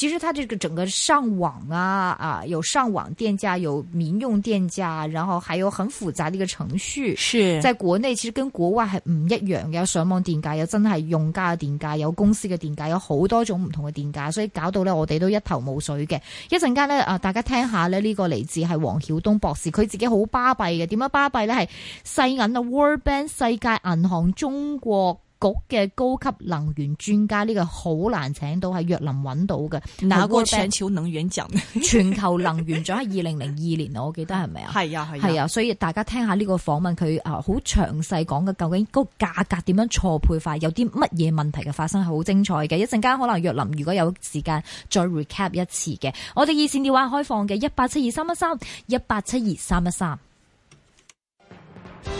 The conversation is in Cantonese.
其實，他這個整個上網啊，啊有上網電價，有民用電價，然後還有很複雜的一個程序。是，在國內其實跟國外係唔一樣嘅，有上網電價，有真係用家嘅電價，有公司嘅電價，有好多種唔同嘅電價，所以搞到咧我哋都一頭霧水嘅。一陣間咧，啊大家聽一下呢，呢個嚟自係王曉東博士，佢自己好巴閉嘅。點樣巴閉咧？係世銀啊，World Bank 世界銀行中國。局嘅高級能源專家，呢個好難請到，係若林揾到嘅。嗱個全球能源獎？ 全球能源獎喺二零零二年，我記得係咪 啊？係啊係。係啊，所以大家聽下呢個訪問，佢啊好詳細講嘅，究竟嗰個價格點樣錯配法，有啲乜嘢問題嘅發生，係好精彩嘅。一陣間可能若林如果有時間再 recap 一次嘅，我哋熱線電話開放嘅一八七二三一三一八七二三一三。